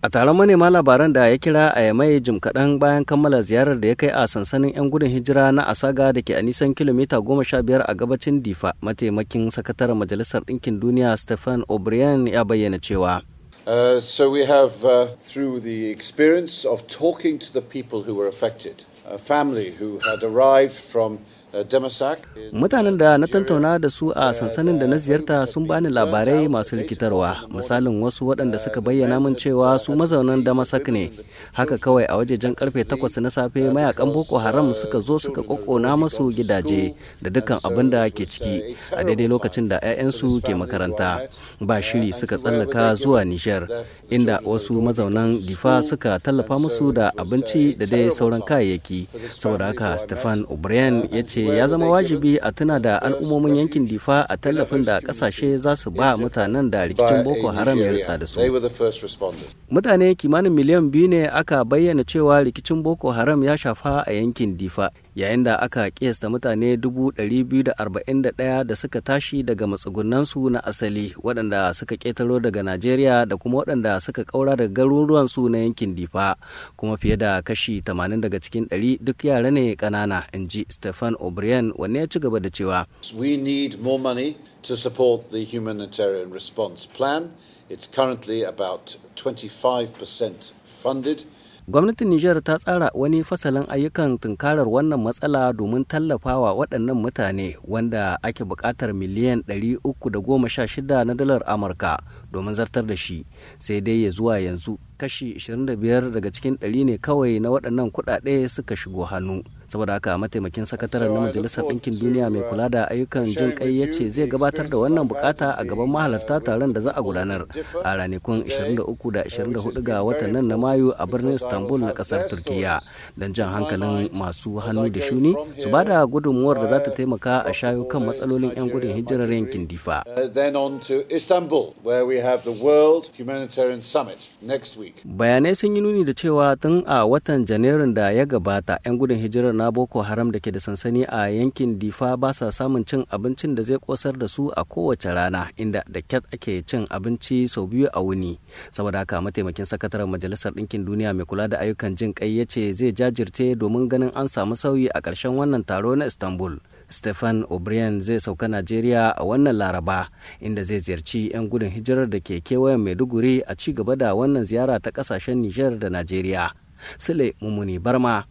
A taron manema labaran da ya kira a Yamai jim kaɗan bayan kammala ziyarar da ya kai a sansanin 'yan gudun hijira na Asaga da ke a nisan kilomita goma sha biyar a gabacin Difa, mataimakin sakataren Majalisar Ɗinkin Duniya Stephen O'Brien ya bayyana cewa. Uh, so we have, uh, through the experience of talking to the people who were affected, Uh, Mutanen da na tantauna da su a uh, sansanin da na ziyarta sun bani labarai masu rikitarwa, misalin wasu waɗanda uh, suka bayyana min cewa su mazaunan Damasak ne. Haka kawai a wajejen karfe takwas na safe mayakan Boko Haram suka zo suka kokona masu gidaje da dukkan abin da ke ciki a daidai lokacin da 'ya'yansu ke makaranta. Ba shiri suka tsallaka zuwa Nijar, inda wasu mazaunan gifa suka tallafa musu da abinci da dai sauran kayayyaki. saboda haka stefan o'brien ya ce ya zama wajibi a tuna da al'ummomin yankin difa a tallafin da kasashe za su ba mutanen da rikicin boko haram ya rutsa da su mutane kimanin miliyan biyu ne aka bayyana cewa rikicin boko haram ya shafa a yankin difa yayin da aka kiyasta mutane dubu 241 da arba'in da da suka tashi daga matsugunansu na asali waɗanda suka ƙetaro daga najeriya da kuma waɗanda suka kaura daga garuruwansu na yankin difa kuma fiye da kashi 80 daga cikin 100 galibi duk yara ne ƙanana in ji stefan o'brien wanne ya ci gaba da cewa we need more money to support the humanitarian response plan it's currently about 25% funded gwamnatin Nijar ta tsara wani fasalin ayyukan tunkarar wannan matsala domin tallafawa waɗannan mutane wanda ake buƙatar miliyan 316 na dalar Amurka domin zartar da shi sai dai ya zuwa yanzu kashi 25 daga cikin ɗari ne kawai na waɗannan kuɗaɗe suka shigo hannu. saboda haka mataimakin sakataren na majalisar ɗinkin duniya mai kula da ayyukan jin kai ya ce zai gabatar da wannan bukata a gaban mahalarta taron da za a gudanar a ranakun 23 da 24 ga watan nan na mayu a birnin istanbul na kasar turkiya don jan hankalin masu hannu da shuni su ba da gudunmuwar da za ta uh, taimaka a shayo kan matsalolin 'yan gudun hijirar yankin difa uh, bayanai sun yi nuni da cewa tun a watan janairun da ya gabata 'yan gudun hijirar na boko haram da ke da sansani a yankin difa ba sa samun cin abincin da zai kosar da su a kowace rana inda da kyat ake cin abinci sau biyu a wuni saboda haka mataimakin sakataren majalisar ɗinkin duniya mai kula da ayyukan jin kai ya ce zai jajirce domin ganin an samu sauyi a ƙarshen wannan taro na istanbul stephen o'brien zai sauka najeriya a wannan laraba inda zai ziyarci 'yan gudun hijirar da ke kewayen maiduguri a ci gaba da wannan ziyara ta ƙasashen nijar da najeriya sule mummuni barma